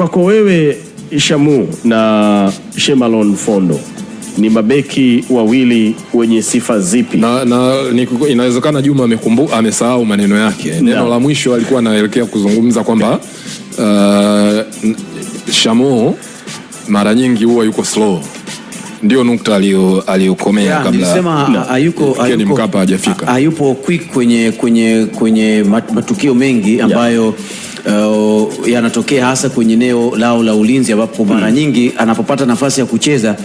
Kwako wewe Shamu na Shemalon Fondo ni mabeki wawili wenye sifa zipi? Na, na inawezekana Juma amekumbuka amesahau maneno yake neno Neno la mwisho alikuwa anaelekea kuzungumza kwamba uh, Shamu mara nyingi huwa yuko slow ndio nukta aliyokomea kabla Mkapa hajafika, hayupo quick kwenye, kwenye, kwenye matukio mengi ambayo yeah uh, yanatokea hasa kwenye eneo lao la ulinzi ambapo mara mm. nyingi anapopata nafasi ya kucheza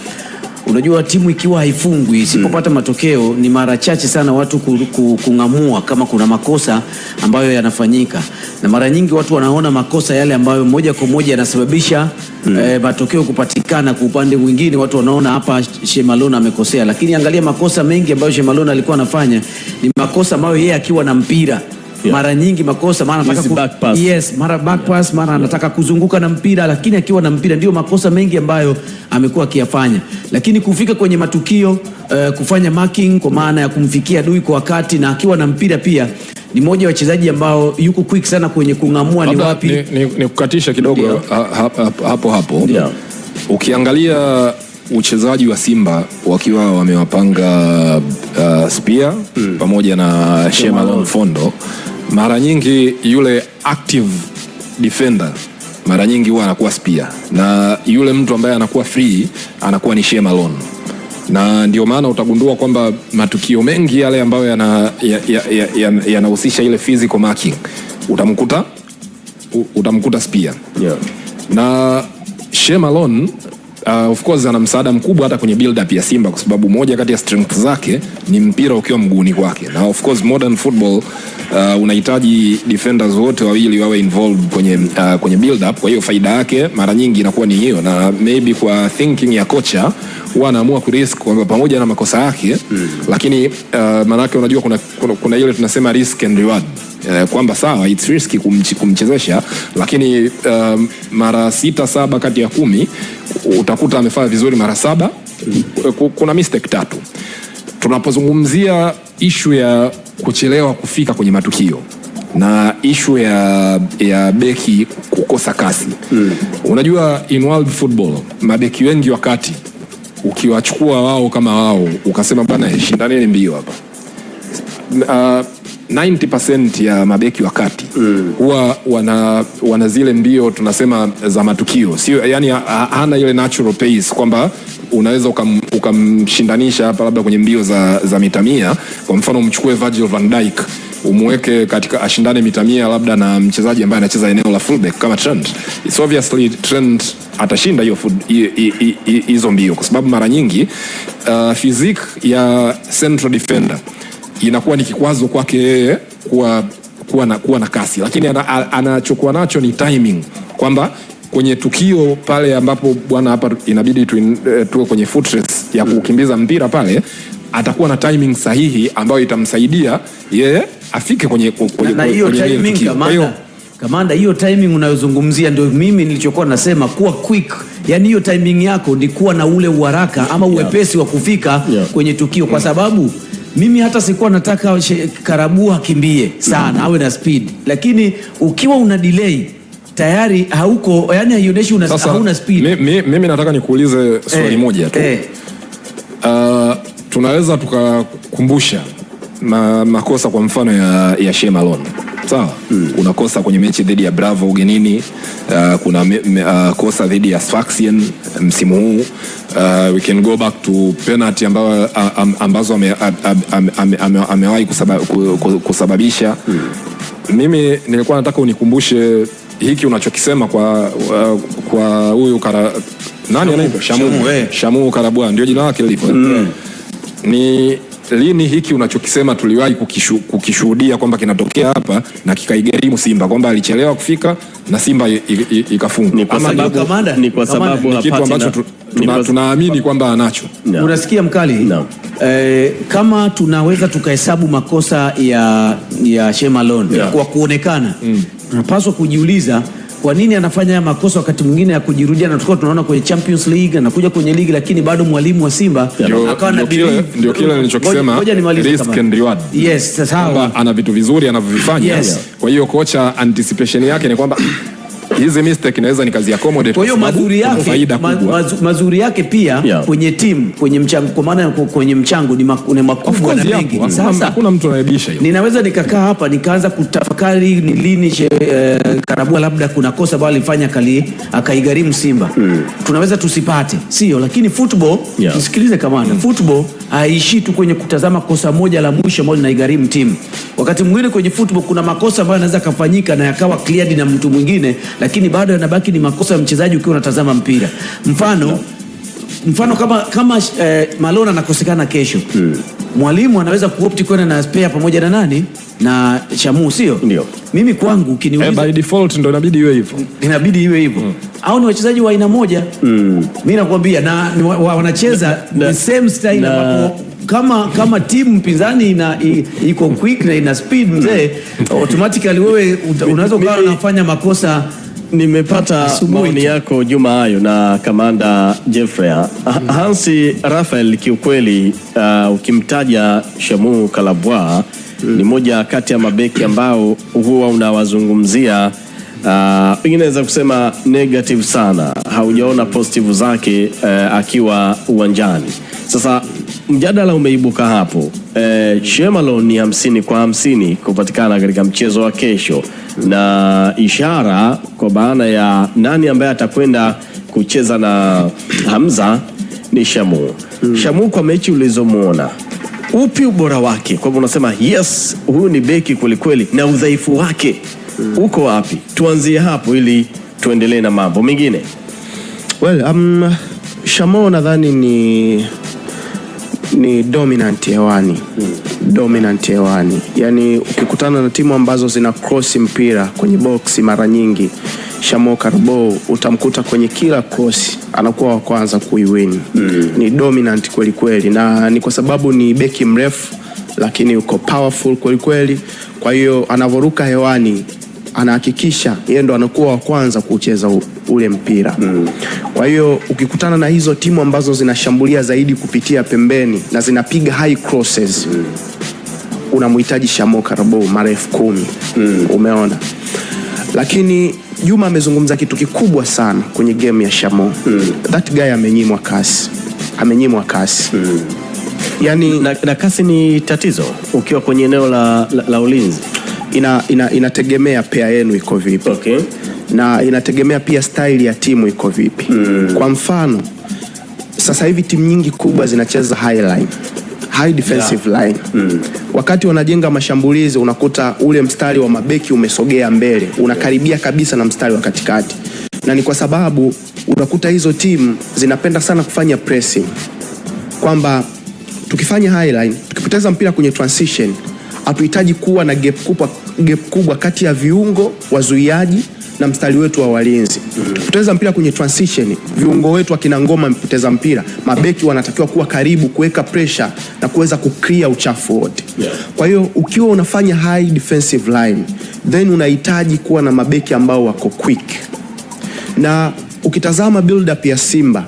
Unajua, timu ikiwa haifungwi isipopata mm. matokeo ni mara chache sana watu kung'amua kama kuna makosa ambayo yanafanyika, na mara nyingi watu wanaona makosa yale ambayo moja kwa moja yanasababisha mm. eh, matokeo kupatikana. Kwa upande mwingine watu wanaona hapa Shemalona amekosea, lakini angalia makosa mengi ambayo Shemalona alikuwa anafanya ni makosa ambayo yeye akiwa na mpira yeah. Mara nyingi makosa mara anataka ku... back pass. Yes, mara back pass, mara anataka kuzunguka na mpira, lakini akiwa na mpira ndio makosa mengi ambayo amekuwa akiyafanya, lakini kufika kwenye matukio uh, kufanya marking kwa maana ya kumfikia adui kwa wakati na akiwa na mpira pia ni mmoja wa wachezaji ambao yuko quick sana kwenye kung'amua ni wapi. Ni, ni kukatisha kidogo hapo hapo, Ukiangalia uchezaji wa Simba wakiwa wamewapanga uh, Spear mm. pamoja na Shema Lomfondo mara nyingi yule active defender mara nyingi huwa anakuwa spia na yule mtu ambaye anakuwa free anakuwa ni Shema Lone, na ndio maana utagundua kwamba matukio mengi yale ambayo yanahusisha ya, ya, ya, ya, ya ile physical marking utamkuta utamkuta spia yeah. na Shema Uh, of course ana msaada mkubwa hata kwenye build up ya Simba kwa sababu moja kati ya strength zake ni mpira ukiwa mguuni kwake, na of course modern football uh, unahitaji defenders wote wawili wawe involved kwenye, uh, kwenye build up. Kwa hiyo faida yake mara nyingi inakuwa ni hiyo, na maybe kwa thinking ya kocha huwa anaamua kurisk kwamba pamoja na makosa yake mm, lakini uh, maanake unajua kuna, kuna, kuna ile tunasema risk and reward Eh, kwamba sawa it's risky kumch, kumchezesha lakini um, mara sita saba kati ya kumi utakuta amefanya vizuri mara saba. Kuna mistake tatu tunapozungumzia ishu ya kuchelewa kufika kwenye matukio na ishu ya, ya beki kukosa kasi mm. Unajua, in world football mabeki wengi wakati ukiwachukua wao kama wao ukasema bana, shindaneni mbio hapa uh, 90% ya mabeki wa kati mm. huwa wana, wana zile mbio tunasema za matukio, sio yani, hana ile natural pace kwamba unaweza ukamshindanisha hapa labda kwenye mbio za, za mitamia Kwa mfano umchukue Virgil van Dijk umweke katika ashindane mitamia labda na mchezaji ambaye anacheza eneo la fullback kama Trent. It's obviously Trent atashinda hiyo hizo mbio kwa sababu mara nyingi uh, physique ya central defender inakuwa ni kikwazo kwake yeye kuwa, kuwa, na, kuwa na kasi, lakini anachokuwa ana nacho ni timing kwamba kwenye tukio pale ambapo bwana hapa inabidi eh, tuwe tu kwenye fortress ya kukimbiza mpira pale, atakuwa na timing sahihi ambayo itamsaidia yeye afike kwenye hiyo kamanda. Hiyo timing unayozungumzia ndio mimi nilichokuwa nasema kuwa quick, yani hiyo timing yako ni kuwa na ule uharaka ama uwepesi wa kufika yeah, kwenye tukio kwa mm. sababu mimi hata sikuwa nataka Karabu akimbie sana awe na speed, lakini ukiwa una delay tayari hauko, yani haionyeshi una, hauna speed. Mimi mi, mi nataka nikuulize swali eh, moja tu eh. Uh, tunaweza tukakumbusha makosa kwa mfano ya, ya shemalon sawa mm. Kuna kosa kwenye mechi dhidi ya Bravo ugenini, uh, kuna me, me, uh, kosa dhidi ya Sfaxien uh, msimu huu uh, we can go back to penalty ambayo ambazo amewahi kusababisha mm. Mimi nilikuwa nataka unikumbushe hiki unachokisema kwa uh, kwa huyu kara nani Shamu, Shamu, Shamu, eh. Shamu Karabwa ndio jina lake lilipo mm. ni lini hiki unachokisema tuliwahi kukishu, kukishuhudia kwamba kinatokea hapa na kikaigarimu Simba kwamba alichelewa kufika na Simba ikafungwa. Ni kwa sababu ni kwa sababu ni kitu ambacho tunaamini kwamba anacho. No. Unasikia mkali? No. Eh, kama tunaweza tukahesabu makosa ya ya Shemalon kwa kuonekana mm, tunapaswa kujiuliza kwa nini anafanya haya makosa wakati mwingine ya kujirudia, na tukao tunaona kwenye Champions League anakuja kwenye ligi, lakini bado mwalimu wa Simba akawa na bidii Ndio kile nilichokisema, risk kama. and reward. Yes, sawa, ana vitu vizuri anavyovifanya. Kwa hiyo kocha anticipation yake ni kwamba hizi mistake inaweza ni kazi ya accommodate. Kwa hiyo mazuri yake ma, mazuri yake pia yeah, kwenye team kwenye mchango kwa maana kwenye mchango ni makubwa na mengi. Sasa hakuna mtu anayebisha hiyo. Ninaweza nikakaa hapa nikaanza kutafakari ni lini eh, Karabua labda kuna kosa ambalo alifanya akaigharimu Simba mm. tunaweza tusipate, sio lakini football yeah. Tusikilize kamanda mm. Football haishi tu kwenye kutazama kosa moja la mwisho ambalo linaigharimu timu. Wakati mwingine kwenye football kuna makosa ambayo yanaweza kafanyika na yakawa cleared na mtu mwingine, lakini bado yanabaki ni makosa ya mchezaji ukiwa unatazama mpira mfano yeah mfano kama kama eh, Malona anakosekana kesho hmm. Mwalimu anaweza kuopti kwenda na spare pamoja na nani na Chamu, sio ndio? Mimi kwangu ukiniuliza, eh, by default ndo inabidi iwe hivyo, inabidi iwe hivyo hmm. Au ni wachezaji wa aina moja mimi hmm. nakwambia na wanacheza the same style na, na kama kama timu mpinzani ina iko quick na ina speed mzee, hmm. automatically wewe unaweza ukawa unafanya makosa nimepata maoni yako Juma hayo na kamanda Jeffrey mm-hmm. Hansi Rafael. Kiukweli uh, ukimtaja Shamu Kalabwa mm. ni moja kati ya mabeki ambao huwa unawazungumzia uh, pengine uh, naweza kusema negative sana, haujaona mm-hmm. positive zake uh, akiwa uwanjani. Sasa mjadala umeibuka hapo eh, Chemalon ni hamsini kwa hamsini kupatikana katika mchezo wa kesho, na ishara kwa maana ya nani ambaye atakwenda kucheza na Hamza ni Shamu. Hmm. Shamu, kwa mechi ulizomwona upi ubora wake? Kwa hivyo unasema yes, huyu ni beki kwelikweli, na udhaifu wake hmm, uko wapi? Tuanzie hapo ili tuendelee na mambo mengine. Well, um, Shamo nadhani ni ni dominant hewani hmm. Dominant hewani, yani ukikutana na timu ambazo zina cross mpira kwenye boksi mara nyingi, Shamo Karbo utamkuta kwenye kila cross anakuwa wa kwanza kuiwin hmm. Ni dominant kweli kweli, na ni kwa sababu ni beki mrefu lakini uko powerful kweli kweli, kwa hiyo anavoruka hewani anahakikisha yeye ndo anakuwa wa kwanza kucheza ule mpira mm. Kwa hiyo ukikutana na hizo timu ambazo zinashambulia zaidi kupitia pembeni na zinapiga high crosses mm. unamhitaji Shamo Karabo marefu kumi mm. Umeona, lakini Juma amezungumza kitu kikubwa sana kwenye game ya Shamo mm. That guy amenyimwa kasi, amenyimwa kasi mm. Yani, na, na kasi ni tatizo ukiwa kwenye eneo la, la, la ulinzi ina, ina, inategemea pea yenu iko vipi okay. na inategemea pia staili ya timu iko vipi mm. Kwa mfano sasa hivi timu nyingi kubwa zinacheza high line high defensive yeah. line mm. Wakati wanajenga mashambulizi unakuta ule mstari wa mabeki umesogea mbele, unakaribia kabisa na mstari wa katikati, na ni kwa sababu unakuta hizo timu zinapenda sana kufanya pressing, kwamba tukifanya high line, tukipoteza mpira kwenye transition hatuhitaji kuwa na gap kubwa, gap kubwa kati ya viungo wazuiaji na mstari wetu wa walinzi. Mhm. Kupoteza mpira kwenye transition, viungo wetu akina Ngoma mpoteza mpira, mabeki wanatakiwa kuwa karibu kuweka pressure na kuweza kukria uchafu wote. Kwa hiyo ukiwa unafanya high defensive line, then unahitaji kuwa na mabeki ambao wako quick, na ukitazama build up ya Simba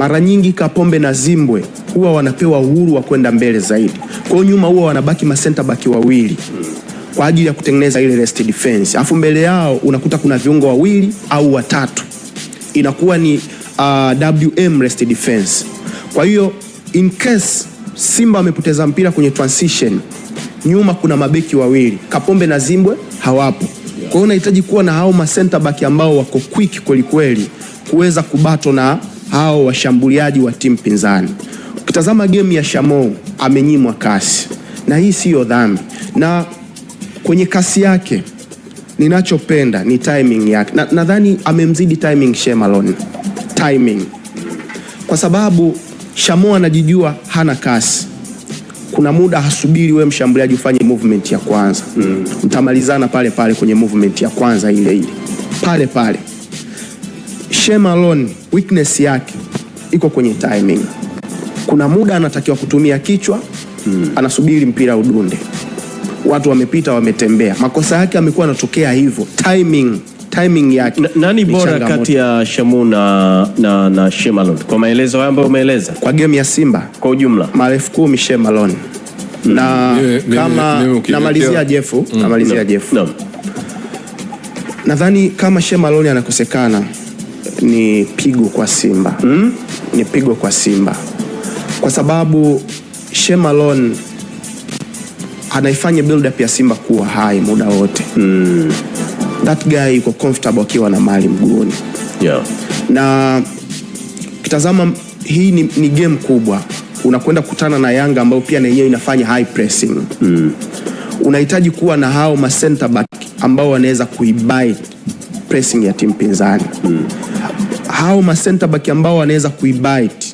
mara nyingi Kapombe na Zimbwe huwa wanapewa uhuru wa kwenda mbele zaidi, kwa hiyo nyuma huwa wanabaki masenta baki wawili kwa ajili ya kutengeneza ile rest defense, alafu mbele yao unakuta kuna viungo wawili au watatu, inakuwa ni uh, WM rest defense. Kwa hiyo in case Simba wamepoteza mpira kwenye transition, nyuma kuna mabeki wawili, Kapombe na Zimbwe hawapo. Kwa hiyo unahitaji kuwa na hao masenta baki ambao wako quick kweli kweli kuweza kubato na au washambuliaji wa timu pinzani. Ukitazama game ya Shamo amenyimwa kasi, na hii siyo dhambi, na kwenye kasi yake ninachopenda ni timing yake, na nadhani amemzidi timing Shemalon, timing kwa sababu Shamo anajijua hana kasi kuna muda hasubiri we mshambuliaji ufanye movement ya kwanza mm. Mtamalizana pale pale kwenye movement ya kwanza ile ile pale pale. Shemalon Alone weakness yake iko kwenye timing. Kuna muda anatakiwa kutumia kichwa hmm. Anasubiri mpira udunde, watu wamepita, wametembea. Makosa yake amekuwa anatokea hivyo, timing timing yake. Nani bora kati ya Shamu na, na, na Shemalon kwa maelezo hayo ambayo umeeleza kwa game ya Simba kwa ujumla? Marefu kumi Shemalon Alone hmm. na mm. kama namalizia Jefu hmm. namalizia hmm. Jefu, nadhani kama Chema Alone anakosekana ni pigo kwa Simba mm? Ni pigo kwa Simba kwa sababu Shemalon anaifanya build up ya Simba kuwa hai muda wote mm. That guy yuko comfortable akiwa na mali mguuni yeah. Na kitazama hii ni, ni game kubwa, unakwenda kutana na Yanga ambayo pia na yenyewe inafanya high pressing mm. Unahitaji kuwa na hao ma center back ambao wanaweza kuibai pressing ya timu pinzani mm hao ma center back ambao wanaweza kuibite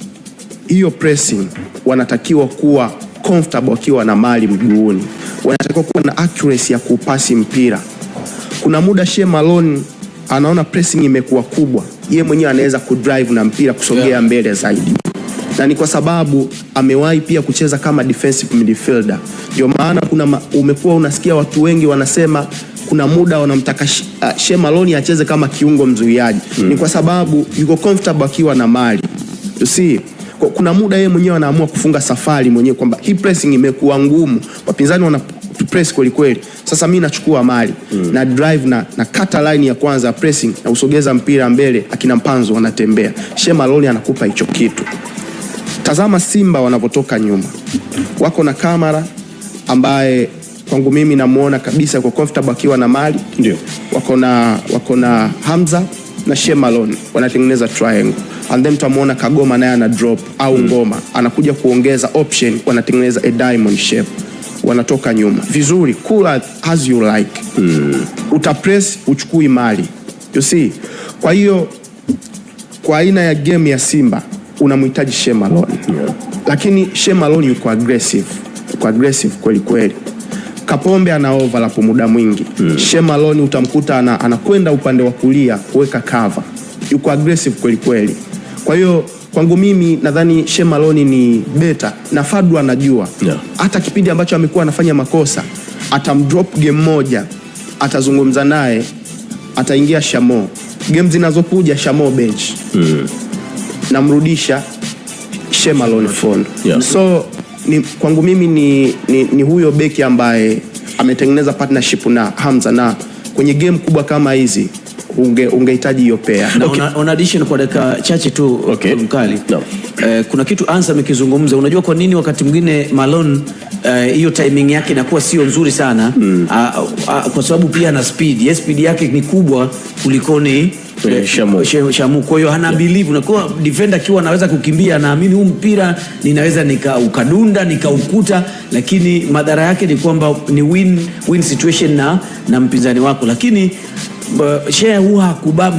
hiyo pressing wanatakiwa kuwa comfortable wakiwa na mali mguuni, wanatakiwa kuwa na accuracy ya kupasi mpira. Kuna muda Shea Malone anaona pressing imekuwa kubwa, ye mwenyewe anaweza kudrive na mpira kusogea yeah, mbele zaidi, na ni kwa sababu amewahi pia kucheza kama defensive midfielder. Ndio maana kuna umekuwa unasikia watu wengi wanasema kuna muda wanamtaka ah, Shea acheze kama kiungo mzuiaji mm. Ni hmm. kwa sababu yuko comfortable akiwa na mali you see kuna muda yeye mwenyewe anaamua kufunga safari mwenyewe kwamba hii pressing imekuwa ngumu, wapinzani wana press kweli kweli, sasa mimi nachukua mali mm. na drive na, na kata line ya kwanza pressing na usogeza mpira mbele, akina Mpanzo wanatembea, Shema Malone anakupa hicho kitu. Tazama Simba wanavyotoka nyuma, wako na kamera ambaye kwangu mimi namuona kabisa kwa comfortable akiwa na Mali ndio wako na wako na Hamza na Shemalon wanatengeneza triangle and then tutamuona Kagoma naye ana drop au hmm. Ngoma anakuja kuongeza option, wanatengeneza a diamond shape, wanatoka nyuma vizuri, cool as you like mm. Utapress uchukui mali you see. Kwa hiyo kwa aina ya game ya Simba unamhitaji Shemalon yeah. Lakini Shemalon yuko aggressive, yuko aggressive kweli kweli. Kapombe ana overlap muda mwingi mm. Shemaloni utamkuta ana, anakwenda upande wa kulia kuweka cover, yuko aggressive kweli kweli. Kwa hiyo kwangu mimi nadhani Shemaloni ni beta na fadu anajua hata yeah. Kipindi ambacho amekuwa anafanya makosa atamdrop game moja, atazungumza naye, ataingia Shamo. Game zinazokuja Shamo bench mm. namrudisha Shemaloni phone yeah. so ni, kwangu mimi ni, ni, ni huyo beki ambaye ametengeneza partnership na Hamza na kwenye game kubwa kama hizi ungehitaji unge hiyo pea na okay. Una, una addition kwa dakika chache tu okay. Mkali no. Eh, kuna kitu Ansa amekizungumza. Unajua kwa nini wakati mwingine Malone eh, hiyo eh, timing yake inakuwa sio nzuri sana mm. A, ah, a, ah, kwa sababu pia ana speed yes, speed yake ni kubwa kulikoni Shamu. Kwa hiyo hana believe na kwa defender akiwa anaweza kukimbia, anaamini huu mpira ninaweza nikaukadunda nikaukuta, lakini madhara yake ni kwamba ni win win situation na na mpinzani wako, lakini uh, Shea huwa hakubali,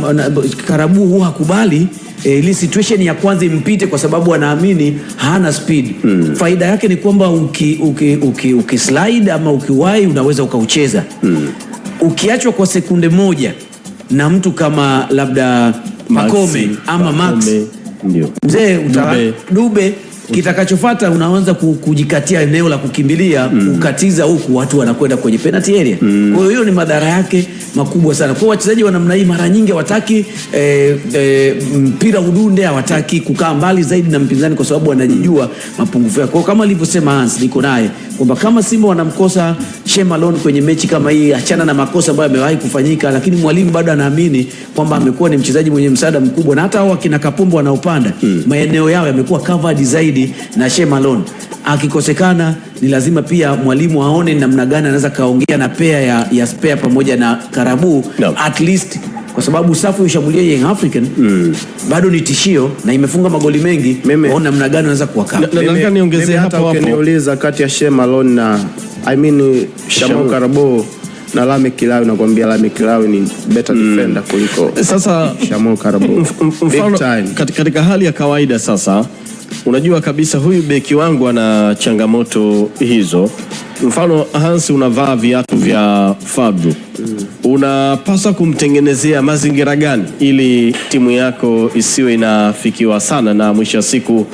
Karabu huwa hakubali eh, ili e, situation ya kwanza impite kwa sababu anaamini hana speed mm. Faida yake ni kwamba uki, uki, uki, uki slide ama ukiwai unaweza ukaucheza mm. Ukiachwa kwa sekunde moja na mtu kama labda Makome ama Max mzee Dube, Dube kitakachofuata unaanza kujikatia eneo la kukimbilia mm. Kukatiza huku watu wanakwenda kwenye penalty area mm. Kwa hiyo hiyo ni madhara yake makubwa sana kwa wachezaji wa namna hii. Mara nyingi hawataki e, e, mpira udunde, hawataki kukaa mbali zaidi na mpinzani, kwa sababu wanajijua mapungufu yake Kwa kama alivyosema Hans, niko naye kwamba kama Simba wanamkosa Shema Lon kwenye mechi kama hii, achana na makosa ambayo amewahi kufanyika, lakini mwalimu bado anaamini kwamba amekuwa ni mchezaji mwenye msaada mkubwa, na hata hao akina Kapombo wanaopanda hmm, maeneo yao yamekuwa covered zaidi na Shema Lon. Akikosekana ni lazima pia mwalimu aone namna gani anaweza kaongea na pea ya, ya spare pamoja na Karabu no, at least kwa sababu safu ishambulia Young African mm. bado ni tishio na imefunga magoli mengi. Ona namna gani unaweza kuwakana. Nataka niongezee hapo hapo, niuliza kati ya Shema Lon na I mean Shamu Karabo na Lame Kilawi, nakwambia Lame Kilawi ni better mm. defender kuliko sasa Shamu Karabo. Mfano katika hali ya kawaida sasa unajua kabisa huyu beki wangu ana changamoto hizo. Mfano Hans, unavaa viatu vya Fabio, mm. unapaswa kumtengenezea mazingira gani ili timu yako isiwe inafikiwa sana na mwisho wa siku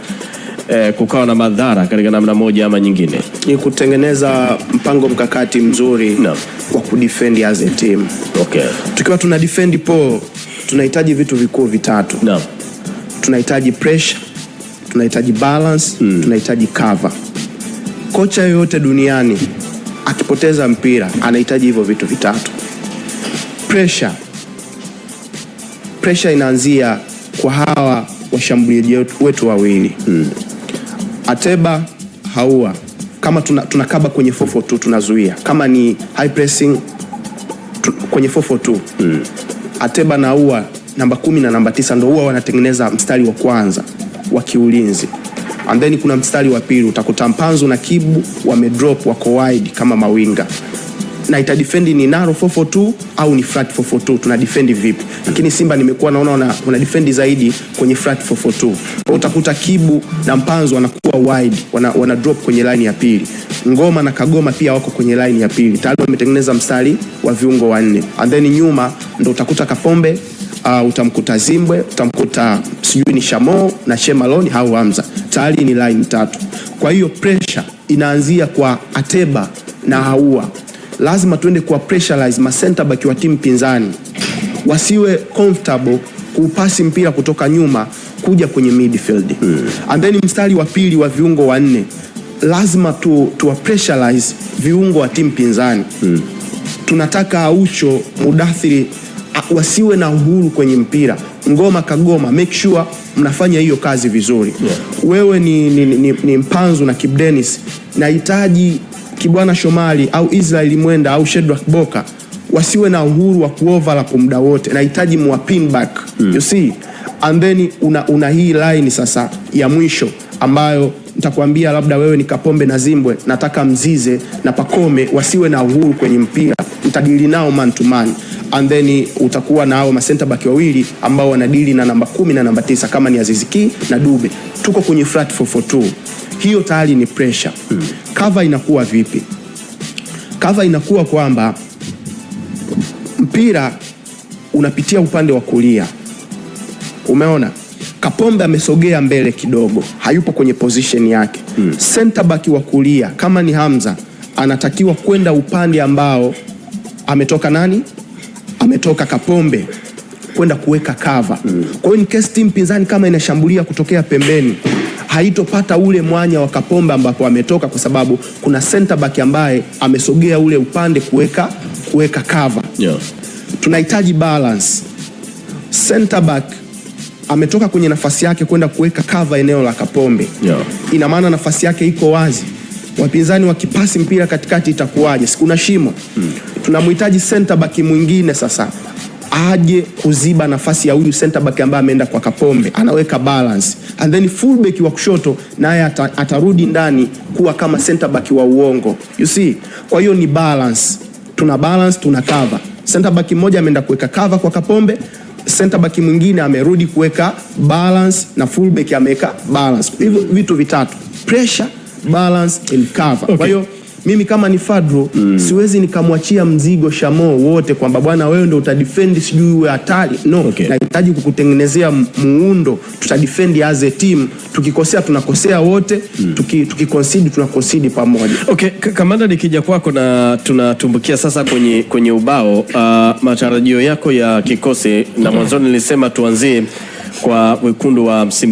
Eh, kukawa na madhara katika namna moja ama nyingine, ni kutengeneza mpango mkakati mzuri no. wa kudefend as a team okay. Tukiwa tuna defend po tunahitaji vitu vikuu vitatu no. tunahitaji pressure tunahitaji balance mm. tunahitaji cover. Kocha yoyote duniani akipoteza mpira anahitaji hivyo vitu vitatu. Pressure, pressure inaanzia kwa hawa washambuliaji wetu wawili mm. Ateba Haua, kama tunakaba tuna kwenye 442 tunazuia, kama ni high pressing tu, kwenye 442 mm. Ateba na Haua namba kumi na namba tisa ndo huwa wanatengeneza mstari wa kwanza wa kiulinzi. And then kuna mstari wa pili utakuta Mpanzu na Kibu wamedrop wako wide kama mawinga na ita defend ni naro 442 au ni flat 442, tuna defend vipi? Lakini Simba nimekuwa naona wana, wana defend zaidi kwenye flat 442. utakuta Kibu na Mpanzu wanakuwa wide, wana, wana drop kwenye line ya pili. Ngoma na Kagoma pia wako kwenye line ya pili, tayari wametengeneza mstari wa viungo wanne, and then nyuma ndo utakuta Kapombe uh, utamkuta Zimbwe, utamkuta sijui ni Shamo na Shemaloni au Hamza, tayari ni line tatu. Kwa hiyo pressure inaanzia kwa Ateba na Haua. Lazima tuende kwa pressurize ma center back wa timu pinzani wasiwe comfortable kupasi mpira kutoka nyuma kuja kwenye midfield hmm. And then mstari wa pili wa viungo wanne lazima tu, tuwa pressurize viungo wa timu pinzani hmm. Tunataka Aucho Mudathiri wasiwe na uhuru kwenye mpira. Ngoma kagoma, make sure mnafanya hiyo kazi vizuri yeah. Wewe ni, ni, ni, ni Mpanzu na kibdenis nahitaji Kibwana Shomali au Israeli Mwenda au shedrak Boka wasiwe na uhuru wa kuoverlap muda wote, nahitaji mwapinback mm. you see una, una hii line sasa ya mwisho ambayo nitakwambia labda wewe ni Kapombe na Zimbwe, nataka Mzize na Pakome wasiwe na uhuru kwenye mpira, ntadili nao man man and then utakuwa na hao masenta back wawili ambao wanadili na namba kumi na namba tisa kama ni aziziki na Dube. Tuko kwenye flat 442, hiyo tayari ni pressure. Hmm. Cover inakuwa vipi? Cover inakuwa kwamba mpira unapitia upande wa kulia, umeona Kapombe amesogea mbele kidogo, hayupo kwenye position yake. Hmm. Center back wa kulia kama ni Hamza anatakiwa kwenda upande ambao ametoka nani ametoka Kapombe kwenda kuweka cover. Kwa hiyo in case team pinzani kama inashambulia kutokea pembeni haitopata ule mwanya wa Kapombe ambapo ametoka, kwa sababu kuna center back ambaye amesogea ule upande kuweka kuweka cover yeah. Tunahitaji balance, center back ametoka kwenye nafasi yake kwenda kuweka cover eneo la Kapombe yeah. Ina maana nafasi yake iko wazi, wapinzani wakipasi mpira katikati itakuwaje? sikuna shimo mm tunamhitaji center back mwingine sasa aje kuziba nafasi ya huyu center back ambaye ameenda kwa Kapombe, anaweka balance and then full back wa kushoto naye atarudi ndani kuwa kama center back wa uongo, you see. Kwa hiyo ni balance, tuna balance, tuna cover. Center back mmoja ameenda kuweka cover kwa Kapombe, center back mwingine amerudi kuweka balance na full back ameweka balance. Hivyo vitu vitatu: pressure, balance and cover. Okay. kwa hiyo mimi kama ni fadro mm. siwezi nikamwachia mzigo Shamo wote kwamba bwana wewe ndo utadefend sijui uwe hatari no. Okay. Nahitaji kukutengenezea muundo, tutadefend as a team, tukikosea tunakosea wote mm. tuki, tukikonsidi tunakonsidi pamoja. Okay, kamanda nikija kwako na tunatumbukia sasa kwenye, kwenye ubao uh, matarajio yako ya kikosi na mwanzoni nilisema tuanzie kwa wekundu wa Simba